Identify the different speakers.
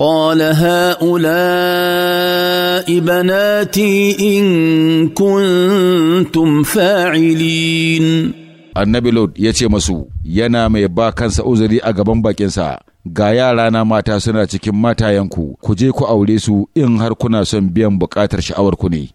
Speaker 1: قال هؤلاء بناتي إن
Speaker 2: كنتم فاعلين annabi Lord ya ce masu yana mai ba kansa uzuri a gaban baƙinsa. ga yarana mata suna cikin matayenku ku je ku aure su in har kuna son biyan buƙatar sha'awarku ne